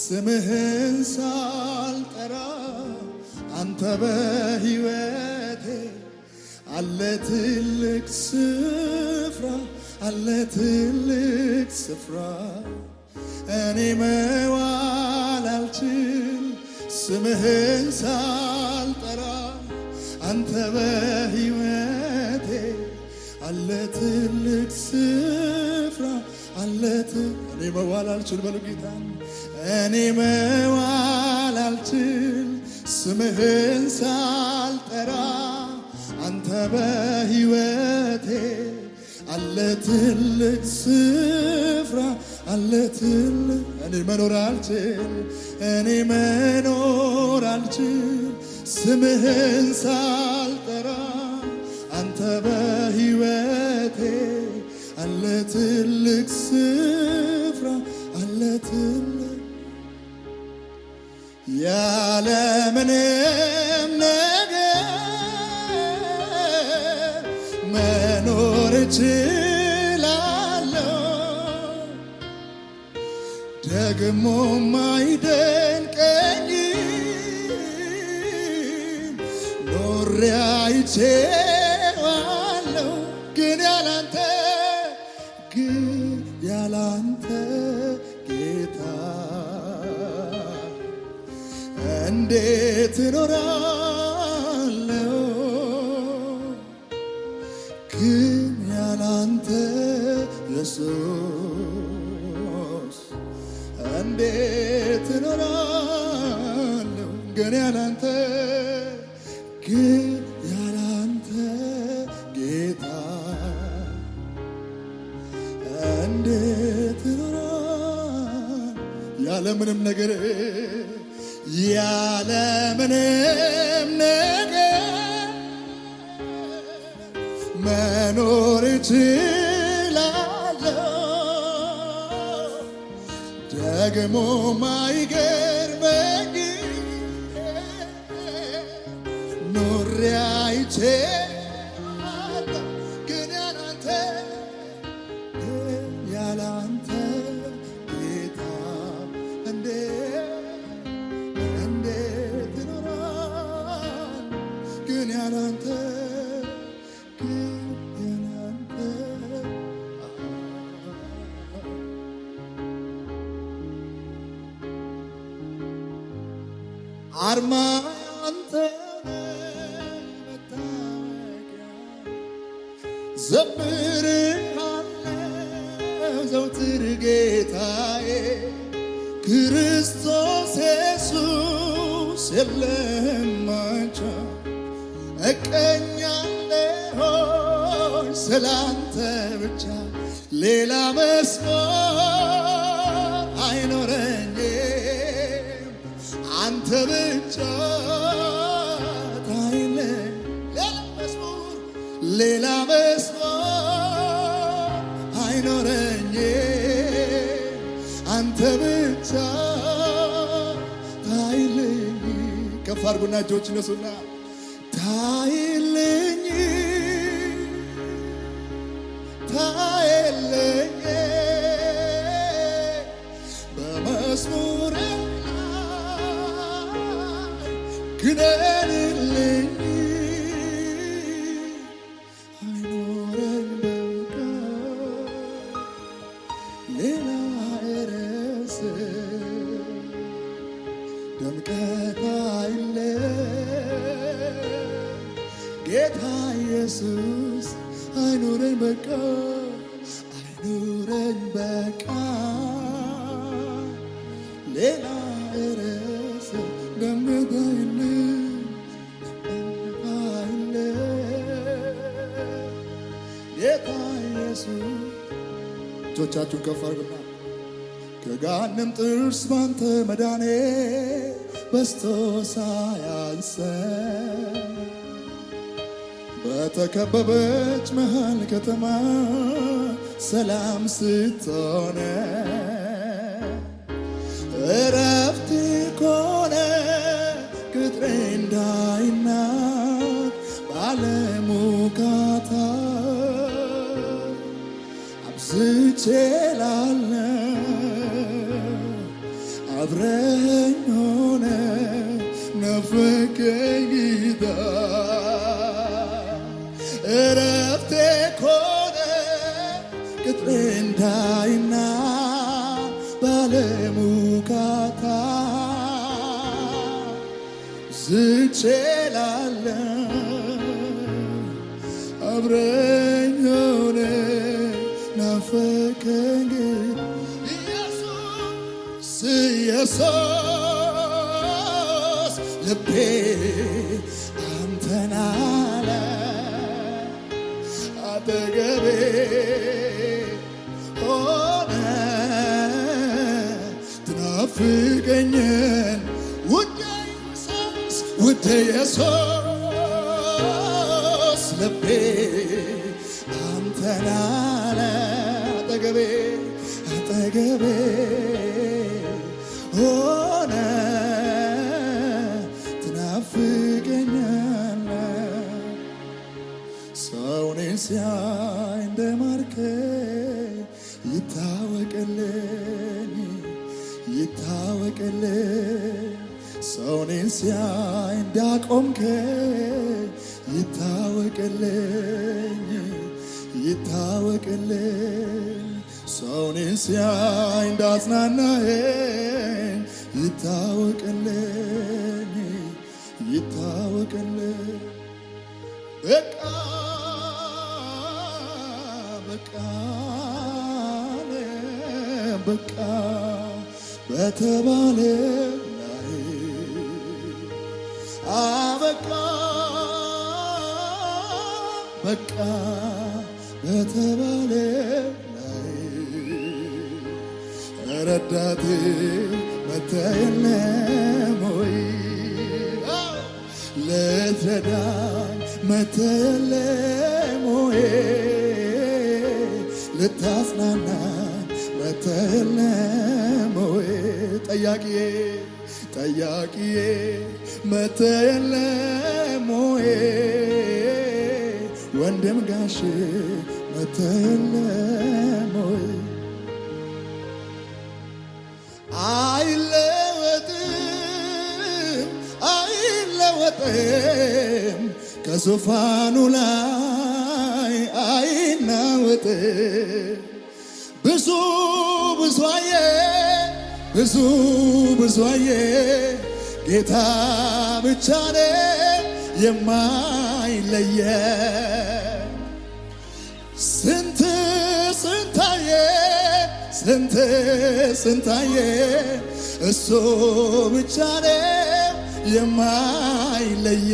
ስምህን ሳልጠራ አንተ በሕይወቴ አለ ትልቅ ስፍራ አለ ትልቅ ስፍራ እኔ መዋል አልችል ስምህን ሳልጠራ አንተ በሕይወቴ አለ ትልቅ ስፍራ አለት እኔ መዋል አልችል በሉ ጌታ እኔ መዋል አልችል ስምህን ሳልጠራ አንተ በሕይወቴ አለ ትልቅ ስፍራ አለ ትልቅ እኔ መኖር አልችል እኔ መኖር አልችል ስምህን ሳልጠራ አንተ በሕይወቴ አለ ትልቅ ስፍራ አለ ትልቅ ያለምንም ነገር መኖር እችላለሁ ደግሞ ማይደንቀኝ ኖሬ አይቼ እንዴት እኖራለሁ ግን ያላንተ ኢየሱስ እንዴት እኖራለሁ ግን ያላንተ ግን ያላንተ ጌታ እንዴት እኖራለሁ ያለምንም ነገር ያለምንም ነገር መኖር እችላለሁ ደግሞ ማይገ ክርስቶስ ኢየሱስ የለም አንቻ እቀኛለሁ ስላንተ ብቻ ሌላ መስመር አይኖረኝም አንተ ብቻ ታይለ ሌላ መስመር አንተ ብቻ ታይልኝ። ከፍ አድርጉና እጆች ነሱና ታይልኝ ታይልኝ በመስሙር ላይ ግነ ጌታ ኢየሱስ አይኑረን በቃ አይኑረን በቃ ሌላ እረስ ደምጋይል አይለ ጌታ ኢየሱስ እጆቻችሁን ከፍ አድርጉና ከገሃነም ጥርስ ባንተ መዳኔ በስቶ ሳያንሰ በተከበበች መሃል ከተማ ሰላም ስትሆነ እረፍት ኮነ ቅጥሬ እንዳይናድ በዓለም ውካታ አብዝቼ አብረኝ ሆነ ነፍቀኝ ጌታ ረዳይና ባለሙካታ ዝቼላለ አብረኝ ሆነ ኢየሱስ ኢየሱስ ልቤ አንተናለ አጠገቤ ናፍቀኝን ውድ ኢየሱስ ልቤ አንተን አለ አጠገቤ አጠገቤ እኔን ሲያይ እንዳቆምከኝ ይታወቅልኝ ይታወቅልኝ ሰው እኔን ሲያይ እንዳጽናናኝ ይታወቅልኝ ይታወቅልኝ በቃ በቃ በቃ በተባለ በቃ በተባለ ላይ ረዳቴ መተየለም ወይ ልትረዳኝ መተየለም ወይ ልታጽናናኝ መተየለም ወይ ጠያቂዬ ጠያቂዬ መተየለም ወይ ወንድም ጋሽ መተለሞይ አይለወጥም አይለወጥም ከዙፋኑ ላይ አይናወጥም ብዙ ብዙዬ ብዙ ብዙዬ ጌታ ብቻ ነው የማ ለየ ስንት ስንታየ ስንት ስንታየ እሱ ብቻ ነው የማይለየ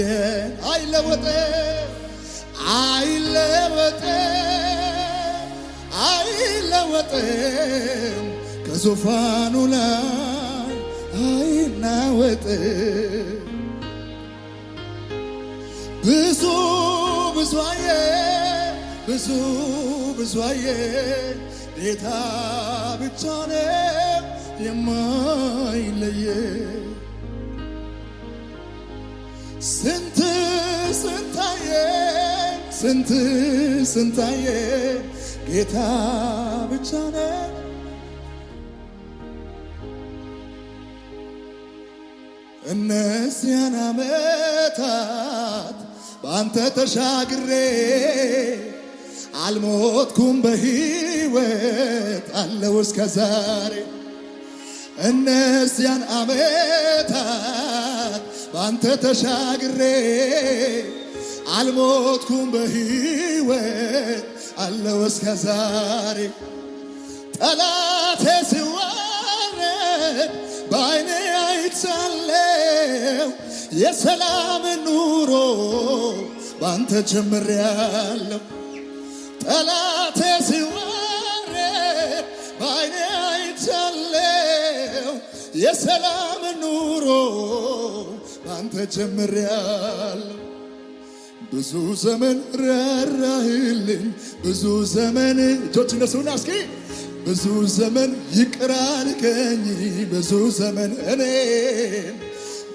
አይለወጠ አይለወጠ አይለወጥም ከዙፋኑ ላይ አይናወጥ ብዙ ብዙዬ ብዙ ብዙዬ ጌታ ብቻ ነው የማይለየ ስንት ስንታየ ስንት ስንታየ ጌታ ብቻ ነው እነዚያን ዓመታት بانت تشاقري عالموت كون بهيوت على وسك زاري الناس يان عميتا بانت تشاقري عالموت كون بهيوت على وسك زاري ثلاثة سوارد بعيني عيد سلم የሰላም ኑሮ ባንተ ጀምሬያለሁ። ጠላቴ ሲዋረድ ባይኔ አይቻለው። የሰላም ኑሮ ባንተ ጀምሬያለሁ። ብዙ ዘመን ረራህልኝ፣ ብዙ ዘመን እጆች እነሱና እስኪ ብዙ ዘመን ይቅር አልከኝ፣ ብዙ ዘመን እኔ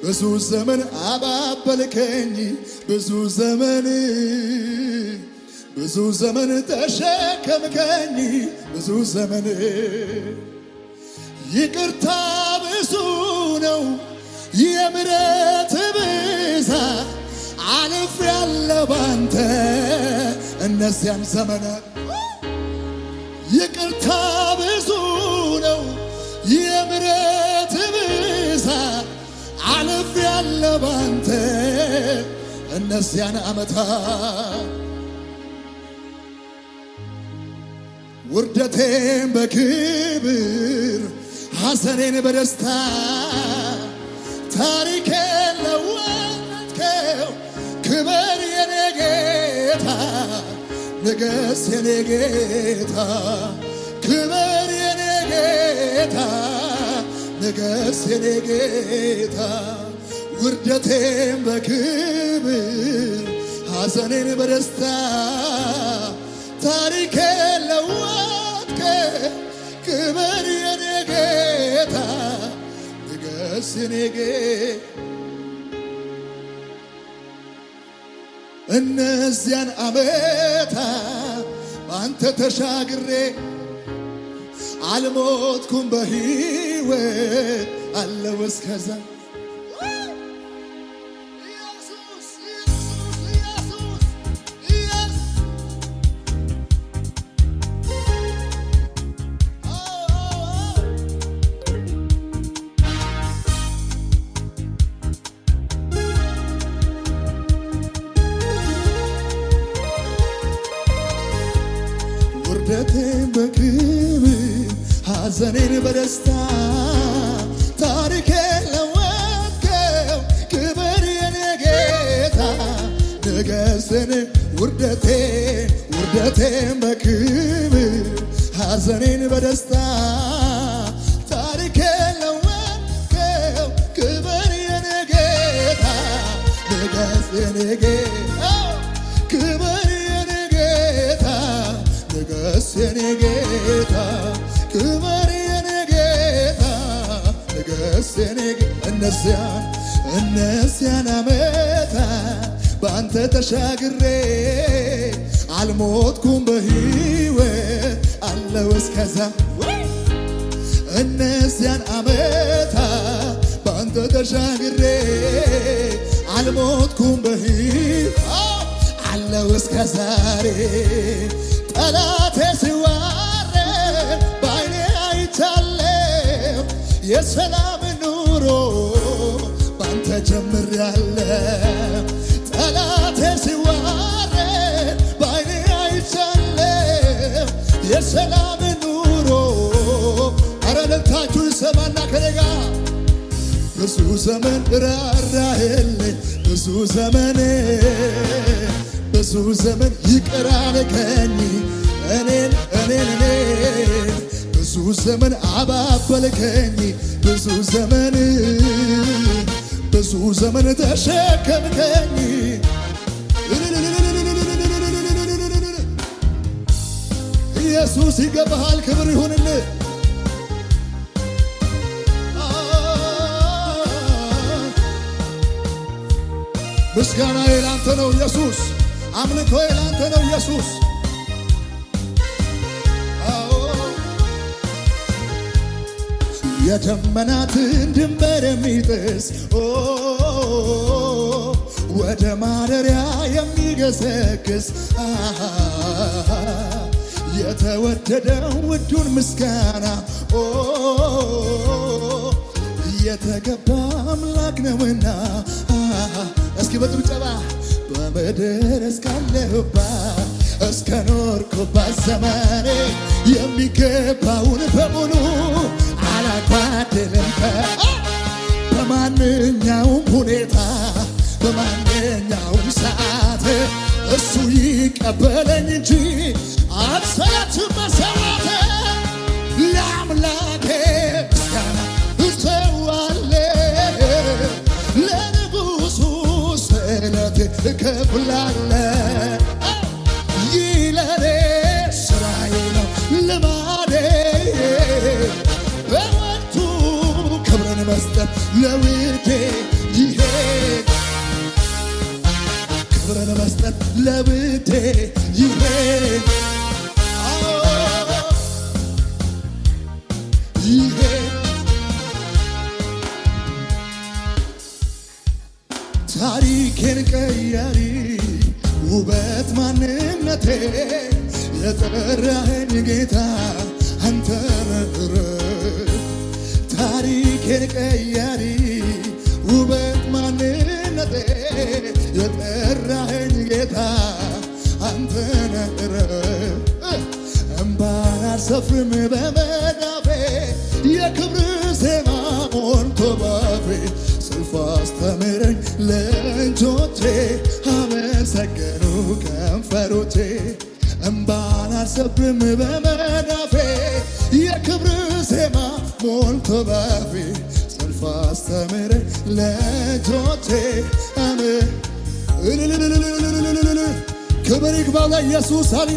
ብዙ ዘመን አባበልከኝ ብዙ ዘመን ብዙ ዘመን ተሸከምከኝ ብዙ ዘመን ይቅርታ ብዙ ነው የምረት ብዛ አልፍ ያለ ባንተ እነዚያን ዘመን ይቅርታ ብዙ ነው የምረት ብዛ አልፍ ያለ ባንተ እነዚያን አመታ ውርደቴን በክብር ሐዘኔን በደስታ ታሪኬን ለወጥከው። ክብር የኔ ጌታ፣ ንገስ የኔ ጌታ፣ ክብር የኔ ጌታ ንገስ የኔ ጌታ ውርደቴን በክብር ሐዘኔን በደስታ ታሪኬ ለዋጥከ ክብር የኔ ጌታ ንገስ የኔ ጌታ እነዚያን ዓመታት በአንተ ተሻግሬ على موتكم بهيوة على وسكزك ሐዘኔን በደስታ ታሪኬ ለወጥከው ክብር የኔ ጌታ ነገስን ውርደቴ ውርደቴን በክብር ሐዘኔን በደስታ ታሪኬ ለወጥከው ክብር የኔ ጌታ እነዚያን እነዚያን አመታ በአንተ ተሻግሬ አልሞትኩም በሕይወት አለው እስከዛ እነዚያን አመታ በአንተ ተሻግሬ አልሞትኩም በሕይወት አለው እስከዛሬ ጠላቴ ሲዋረድ በዓይኔ አይቻለው የሰላም ጀምሮ ባንተ ጀምር ያለ ጠላቴ ሲዋረድ በአይኔ አይቻለም የሰላም ኑሮ አረ እልልታችሁ ይሰማና ከኔጋ ብዙ ዘመን ራራህልኝ ብዙ ዘመን ብዙ ዘመን ይቅር አልከኝ እኔን እኔን እኔን ብዙ ዘመን አባበልከኝ ብዙ ዘመን ብዙ ዘመን ተሸከምከኝ ኢየሱስ ይገባሃል። ክብር ይሁንል ምስጋና የላንተ ነው ኢየሱስ አምልኮ የላንተ ነው ኢየሱስ የደመናትን ድንበር የሚጥስ ወደ ማደሪያ የሚገሰግስ የተወደደው ውዱን ምስጋና የተገባ አምላክ ነውና እስኪ በጭብጨባ በምድር እስካለሁባት እስከ ኖርኩባት ዘመኔ የሚገባውን በሙሉ አታጓደለም በማንኛውም ሁኔታ በማንኛውም ሰዓት እሱ ይቀበለኝ እንጂ አሰት መሰዋት ለአምላኬ ምስጋና እሰዋለሁ ለንጉሱ ስለት እከፍላለሁ ለውዴ ይሄድ ክብረ ለመስጠት ለውዴ ይሄድ አልሰፍርም በመዳፌ የክብር ዜማ ሞልቶ ባፌ ስልፍ አስተምረኝ ለእንጆቼ አመሰገኑ ከንፈሮቼ እምባን አልሰፍርም በመዳፌ የክብር ዜማ ሞልቶ ባፌ ስልፍ አስተምረኝ ለእንጆቼ አመ ክብር ይግባው ለኢየሱስ አሊ